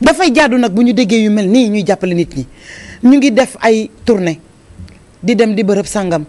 dafay jaadu nag bu ñu déggee yu mel nii ñuy jàppale nit ñi ñu ngi def ay tournée di dem di bërëb sàngam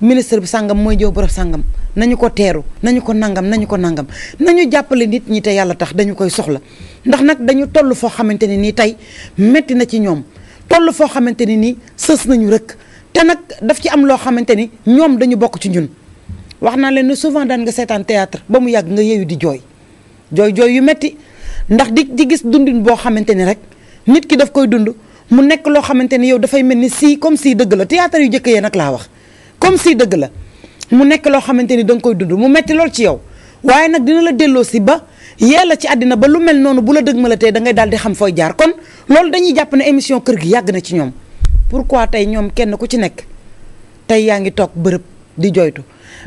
ministre bi sàngam mooy jow bërëb sàngam nañu ko teeru nañu ko nangam nañu ko nangam nañu jàppale nit ñi te yàlla tax dañu koy soxla ndax nag dañu toll foo xamante ne nii tey metti na ci ñoom toll foo xamante ne nii sës nañu rëkk te nag daf ci am loo xamante ni ñoom dañu bokk ci ñun wax naa leen souvent daan nga seetaan théâtre ba mu yàgg nga yeeyu di jooy ndax di di gis dundin boo xamante ni rek nit ki daf koy dund mu nekk loo xamante ni yow dafay mel ni si comme si dëgg la théâtre yu jëkk yee nag laa wax comme si dëgg la mu nekk loo xamante ni da nga koy dund mu metti lool ci yow waaye nag dina la delloo si ba yee la ci àddina ba lu mel noonu bu la dëgg ma la tey da ngay daal di xam fooy jaar kon loolu dañuy jàpp ne émission kër gi yàgg na ci ñoom pour pourquoi tey ñoom kenn ku ci nekk tey yaa ngi toog bërëb di joytu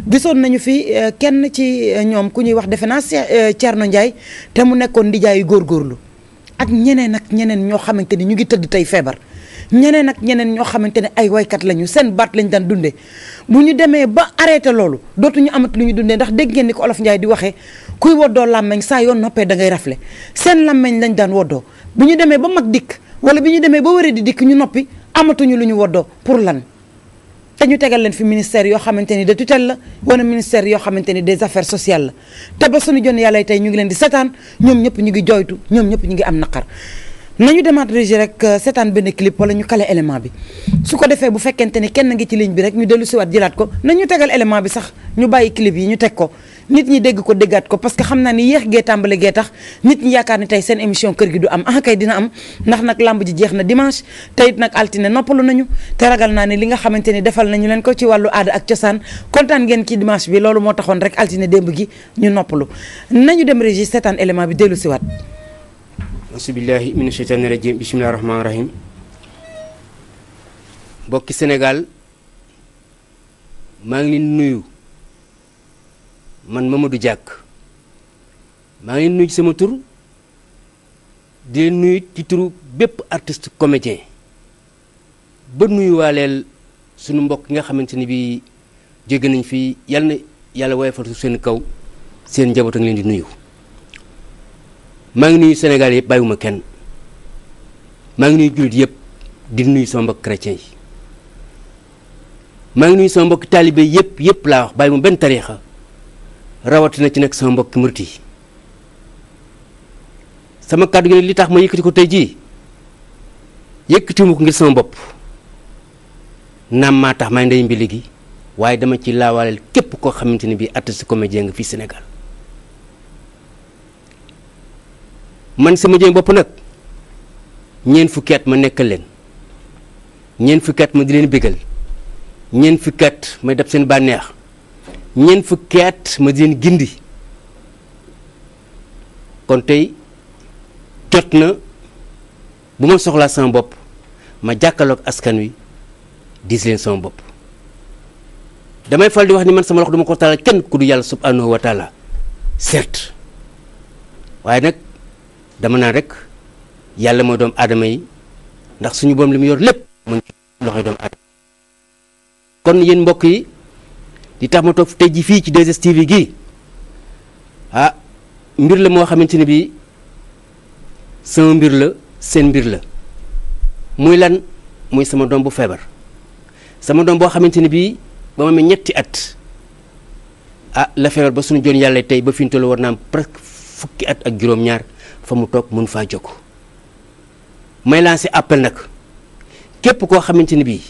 gisoon nañu fi euh, kenn ci euh, ñoom ku ñuy wax defe naa Thierno euh, Ndiaye te mu nekkoon di jaayu góorlu ak ñeneen ak ñeneen ñoo xamante ni ñu ngi tëdd tey feebar ñeneen ak ñeneen ñoo xamante ne ay waykat lañu seen baat lañ daan dundee bu ñu demee ba arrêté loolu dootuñu amat lu ñu dundee ndax dégg ngeen di ko olof Ndiaye di waxee kuy woddoo làmmeñ saa yoon noppee da ngay rafle seen làmmeñ lañ daan woddoo bu ñu demee ba mag dikk wala bi ñu demee ba wéré di dikk ñu noppi amatuñu lu ñu woddoo pour lan te ñu tegal leen fi ministère yoo xamante ni de tutelle la wala ministère yoo xamante ni de affaires sociales la te ba suñu jon yàlla tey ñu ngi leen di setaan ñoom ñëpp ñu ngi jooytu ñoom ñëpp ñu ngi am naqar ñu demaat régi rek euh, seetaan benn clip wala ñu kale élément bi su ko defee bu fekkente ni kenn ngi ci ligne bi rek ñu dellu siwaat jëlaat ko ñu tegal élément bi sax ñu bàyyi clip yi ñu teg ko nit ñi dégg ko déggaat ko parce que xam naa ni yéex gee tàmbale gee tax nit ñi yaakaar ni tey seen émission kër gi du am ah dina am ndax nag làmb ji jeex na dimanche tey nag altine noppalu nañu te ragal naa ne li nga xamante ni defal nañu leen ko ci wàllu aada ak cosaan kontaan ngeen ci dimanche bi loolu moo taxoon rek altine démb gi ñu noppalu nañu dem régie seetaan élément bi dellu siwaat asubillahi mina sheytaani rajim bisimilahi rahmaani rahim mbokki Sénégal maa ngi leen nuyu man du jàkk maa ngi nuyu sama tur di leen nuyu ci turu bépp artiste comédien ba nuyuwaaleel sunu mbokk nga xamante ni bii jóge nañ fi yàlla na yàlla woyofal su seen kaw seen njaboot a ngi leen di nuyu maa ngi nuyu Sénégal yëpp bàyyiwuma kenn maa ngi nuyu jullit yëpp di nuyu sama mbokk chrétien yi maa ngi nuyu sama mbokk taalibe yëpp yëpp laa wax bàyyiwuma benn tariixa rawatina ci nag sama mbokk murit sama kàddu gi ne li tax ma yëkkati ko tey jii yëkkatimu ko ngir sama bopp naam maa tax may ndey mbili gi waaye dama ci laawaaleel képp koo xamante ni bii ko ma jéng fii senegal man sama jëm bopp nag ñeent fukki at ma nekk leen ñeent fukki ma di leen bégal ñeent fukki at def seen bànneex ñeent fukki at ma di gindi kon tey jot na bu ma soxlaa sama bopp ma jàkkaloog askan wi dis leen sama bopp damay fal di wax ni man sama loxo duma ko taal kenn ku yàlla subhanahu wa taala waaye nag dama naan rek yàlla mooy doomu aadama yi ndax suñu boom li mu yor lépp mu ngi loxoy doomu aadama kon yéen mbokk yi di tax ma toog tey fii ci 2STV gii ah mbir la moo xamante ne bii sama mbir la seen mbir la muy lan muy sama doom bu feebar sama doom boo xamante ne bii ba ma ñetti at ah la feebar ba suñu joon yàlla tey ba fi ñu toll war naa am presque fukki at ak juróom-ñaar fa mu toog mun faa jokk may lancer appel nag képp koo xamante ne bii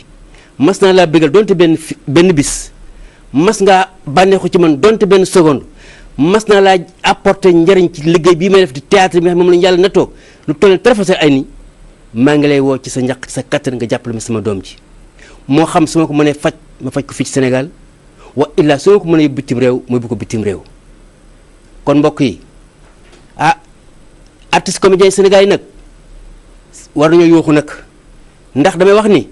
mas naa laa bëggal donte benn benn bis. mas ngaa bànneexu ci man donte benn seconde mas naa laa apporte njariñ ci liggéey bii may def di théâtre bi nga moom la ñu yàlla lu toll nii traversé ay ni maa ngi lay woo ci sa njaq ci sa kattan nga jàppale ma sama doom ji moo xam su ma ko mënee faj ma faj ko fii ci Sénégal wa illaa su ma ko mënee yóbbu bitim réew ma yóbbu ko bitim réew kon mbokk yi ah artiste comédien Sénégal yi nag war nañoo yooxu nag ndax damay wax ni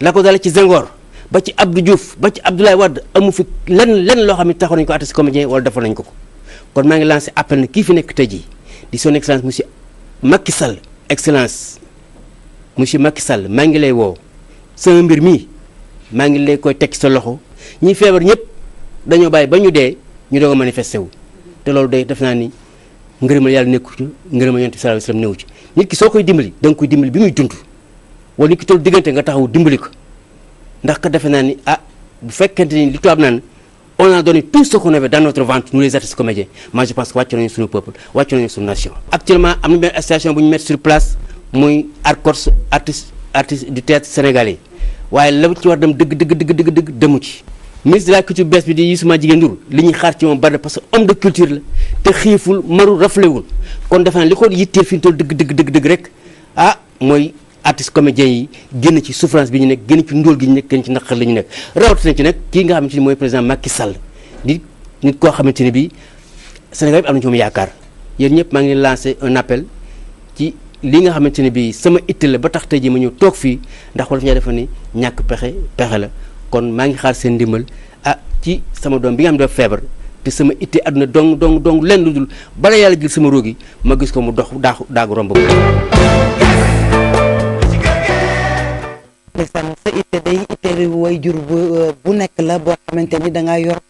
la ko dale ci Senghor ba ci Abdou Diouf ba ci Abdoulaye Wade amu fi lenn lenn loo xam ne taxoon nañu ko atta si comédien wala defoon nañ ko ko kon maa ngi lancé appel na kii fi nekk tey jii di son excellence monsieur Macky Sall excellence monsieur Macky Sall maa ngi lay woo sama mbir mii maa ngi lay koy teg sa loxo ñi feebar ñëpp dañoo bàyyi ba ñu dee ñu doog a wu te loolu day def naa ni ngërëmal yàlla nekku ci ngërëmal yonent bi sallallahu alayhi wasallam néew ci nit ki soo koy dimbali da nga koy dimbali bi muy dund wala nit ki toll diggante nga taxaw dimbali ko ndax ko defe naa ni ah bu fekkente ni li tubaab naan on a donné tout ce qu'on avait dans notre ventre nous les artistes comédiens moi je pense que wàcc nañu suñu peuple wàcc nañu suñu nation actuellement am na benn association bu ñu mettre sur place muy ARCORS artiste artiste du théâtre sénégalais waaye la ci war dem dëgg dëgg dëgg dëgg dëgg demu ci ministre de la culture bees bi di Youssouma Jigéen li ñuy xaar ci moom que homme de culture kon defe naa li ko dëgg dëgg dëgg dëgg rek ah mooy artiste comédiens yi génn ci souffrance bi ñu nekk génn ci ndóol gi ñu nekk génn ci naqar la ñu nekk rawatina ci nag kii nga xamante ni mooy président Macky Sall di nit koo xamante ne bii Sénégal yëpp am na ci moom yaakaar yéen ñëpp maa ngi lancé un appel ci li nga xamante ne bii sama itte la ba tax tey jii ma ñëw toog fii ndax wala fi nii ñàkk pexe pexe la kon maa ngi xaar seen ndimbal ah ci sama doom bi nga xam ne dafa feebar te sama itte àdduna dong dong dong lenn lu dul bala yàlla jël sama róogi ma gis ko mu dox daaxu daagu romb ndeysaan sa itte day itte way jur euh, bu nekk la boo xamante ni dangaa yor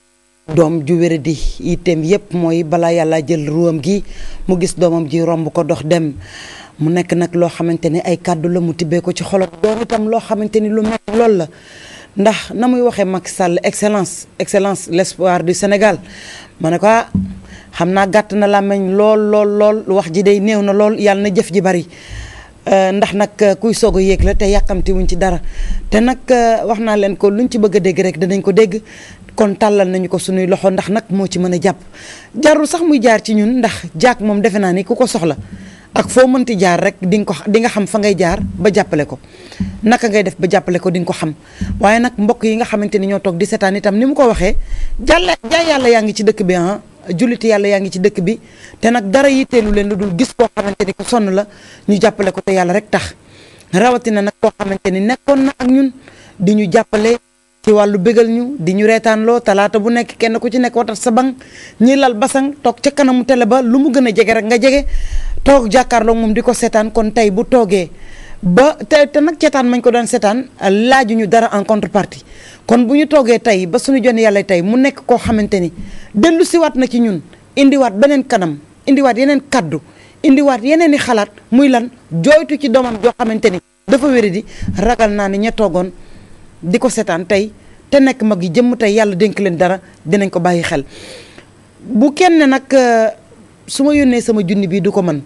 doom ju wéradi itteem yépp mooy balaa yàlla jël ruwam gi mu gis doomam ji romb ko dox dem mu nekk nag loo xamante ni ay kàddu la mu tibbee ko ci xolot doon itam loo xamante ni lu metti lool la ndax na muy waxee mag Sall excellence excellence l'espoir du Sénégal ma ne ko ah, xam naa gàtt na làmmiñ lool lool lool wax ji day néew na lool yàlla na jëf ji bari Euh, ndax nag euh, kuy soog yéeg la te yàqamti ci dara te nag euh, wax naa leen ko luñ ci bëgg a dégg rek danañ ko dégg kon tàllal nañu ko suñuy loxo ndax nag moo ci mën a jàpp jarul sax muy jaar ci ñun ndax jaak moom defe naa ni ku ko soxla ak foo mënti jaar rek di nga ko di nga xam fa ngay jaar ba jàppale ko naka ngay def ba jàppale ko di nga ko xam waaye nag mbokk yi nga xamante ni ñoo toog di seetaan itam ni mu ko waxee jàll jaay yaa ngi ci dëkk bi ah julliti yàlla yaa ngi ci dëkk bi te nag dara yitteelu leen lu dul gis koo xamante ni ku sonn la ñu jàppale ko te yàlla rek tax rawatina nag koo xamante ni nekkoon na ak ñun di ñu jàppale ci wàllu bégal ñu di ñu loo talaata bu nekk kenn ku ci nekk watat sa ban ñi lal basan toog ca kanamu tele ba lu mu gën a jege rek nga jege toog jàkkaarloo moom di ko seetaan kon tey bu toogee ba te te nag ceetaan mañ ko doon seetaan laaju ñu dara en contrepartie kon bu ñu toogee tey ba suñu jon yàlla tey mu nekk koo xamante ni dellu siwaat na ci ñun indiwaat beneen kanam indiwaat yeneen kàddu indiwaat yeneen i xalaat muy lan jooytu ci doomam joo xamante ni dafa wéri di ragal naa ni ña toogoon di ko seetaan tey te nekk mag yi jëmm tey yàlla dénk leen dara dinañ ko bàyyi xel bu kenn nag euh, su ma yónnee sama junni bii du ko mën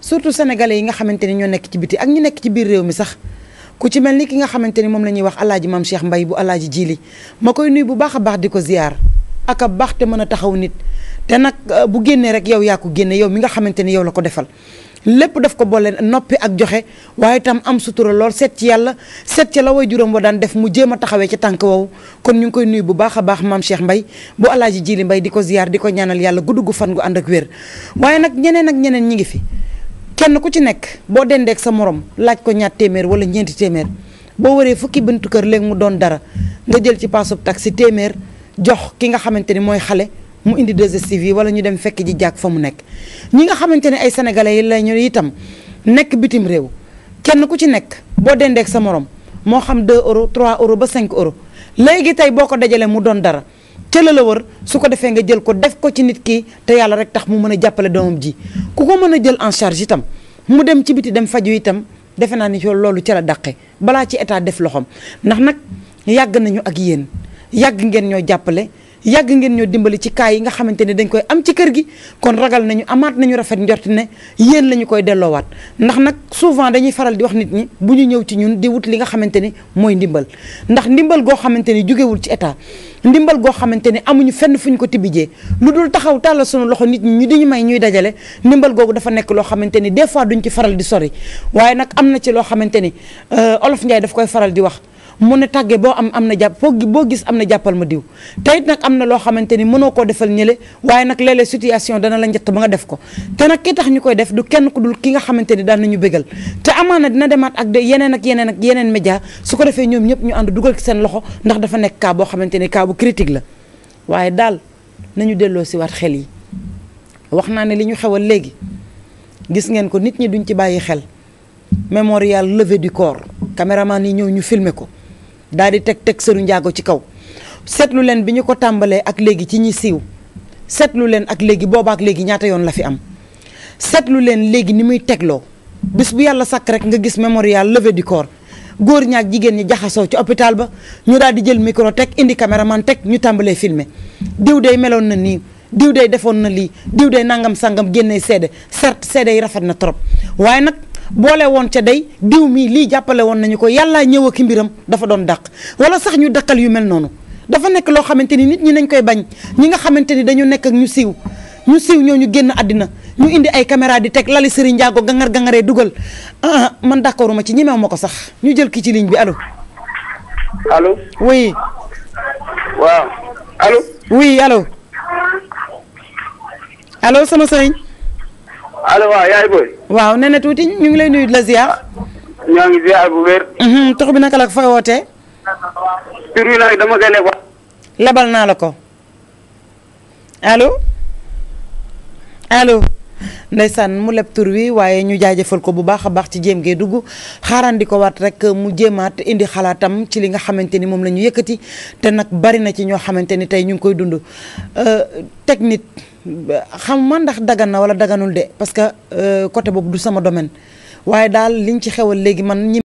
surtout sénégalais yi nga xamante ni ñoo nekk ci biti ak ñu nekk ci biir réew mi sax ku ci mel ni ki nga xamante ni moom la ñuy wax alaaji maam Cheikh Mbay bu alaaji jiili ma koy nuyu bu baax a baax di ko ziyaar ak a baax te mën a taxaw nit te nag euh, bu génnee rek yow yaa ko génne yow mi nga xamante ni yow la ko defal lépp daf ko boole noppi ak joxe waaye tam am sutura lool seet ci yàlla seet ci juróom wa daan def mu jéem a taxawee ci tànk woowu kon ñu ngi koy nuyu bu baax a baax maam Cheikh Mbay bu alaaji Jili Mbay di ko ziyaar di ko ñaanal yàlla gudd gu fan gu ànd ak wér waaye nag ñeneen ak ñeneen ñi ngi fi kenn ku ci nekk boo dendeek sa morom laaj ko ñaat téeméer wala ñeenti téeméer boo waree fukki buntu kër léegi mu doon dara nga jël ci paasub taxi téeméer jox ki nga xamante ni mooy xale mu indi 2STV yi wala ñu dem fekk ji jàkk fa mu nekk ñi nga xamante ne ay sénégalais yi la ñu itam nekk bitim réew kenn ku ci nekk boo dendeek sa morom moo xam 2 euros trois euro ba cinq euros léegi tey boo ko dajalee mu doon dara ca la war su ko defee nga jël ko def ko ci nit ki te yàlla rek tax mu mën a jàppale doomam ji ku ko mën a jël en charge itam mu dem ci biti dem faju itam defe naa ni loolu ca la dàqe balaa ci état def loxoom ndax nag yàgg nañu ak yéen yàgg ngeen ñoo jàppale yàgg ngeen ñoo dimbali ci kaay yi nga xamante ne dañ koy am ci kër gi kon ragal nañu amaat nañu rafet njort ne yéen lañu ñu koy delloowaat ndax nag souvent dañuy faral di wax nit ñi bu ñu ñëw ci ñun di wut li nga xamante ni mooy ndimbal ndax goo xamante ni jógewul ci état ndimbal goo xamante ne amuñu fenn fu ñu ko tibijee lu dul taxaw tàllal sunu loxo nit ñu di may ñuy dajale ndimbal googu dafa nekk loo xamante ni des fois duñ ci faral di sori waaye nag am na ci loo xamante ni euh, olof Njaay daf koy faral di wax mu ne tàgge boo am am na jàpp foo boo gis am na jàppal ma diw tey nag am na loo xamante ni mënoo koo defal ñële waaye nag léeg-léeg situation dana la njëtt ba nga def ko te nag ki tax ñu koy def du kenn ku dul ki nga xamante ni daan nañu bégal te amaana dina demaat ak de yeneen ak yeneen ak yeneen média su ko defee ñoom ñëpp ñu ànd dugal ci ndax dafa nekk boo xamante ni cas bu la waaye daal nañu delloo si waat xel yi wax naa ne li ñu xewal léegi gis ngeen ko nit ñi duñ ci bàyyi xel mémorial levée du corps caméraman yi ñëw ñu filmer ko daal di teg teg sëru njaago ci kaw seetlu leen bi ñu ko tàmbalee ak léegi ci ñi siiw seetlu leen ak léegi boobaak léegi ñaata yoon la fi am seetlu leen léegi ni muy tegloo bis bu yàlla sàkk rek nga gis mémorial levée du corps góor ñaak jigéen ñi jaxasoo ci hôpital ba ñu daal di jël micro teg indi man teg ñu tàmbalee filmer diw day meloon na nii diw day defoon na lii diw day nangam sangam génnee seede certes seede yi rafet na trop waaye nag boole woon ca dey diw mii lii jàppale woon nañu ko yàllaa ñëw ak mbiram dafa doon dàq wala sax ñu dàqal yu mel noonu dafa nekk loo xamante ni nit ñi nañ koy bañ ñi nga xamante ni dañu nekk ak ñu siiw ñu siiw ñoo ñu génn àddina ñu indi ay caméra di teg lali sëriñ njaago gangar gangaree dugal ah, ah man d'accord ma ci ñemew ma ko sax ñu jël ki ci ligne bi allo. allo oui. waaw allo. oui allo. allo sama sëriñ. allo waaw yaay booy. waaw nee na tuuti ñu ngi lay nuyu di la ziar. ñoo ngi ziar bu wér. Mhm, tox bi naka la fa wootee. tur bi nag dama koy labal naa la ko allo allo. ndeysaan mu leb tur wi waaye ñu jaajëfal ko bu baax a baax ci jéem gee dugg xaaraan di ko waat rek mu jéemaat indi xalaatam ci li nga xamante ni moom la ñu yëkkati te nag bari na ci ñoo xamante ni tey ñu ngi koy dund euh, teg nit xam ma ndax dagan na wala daganul de parce que euh, côté boobu du sama domaine waaye daal liñ ci xewal léegi man ñi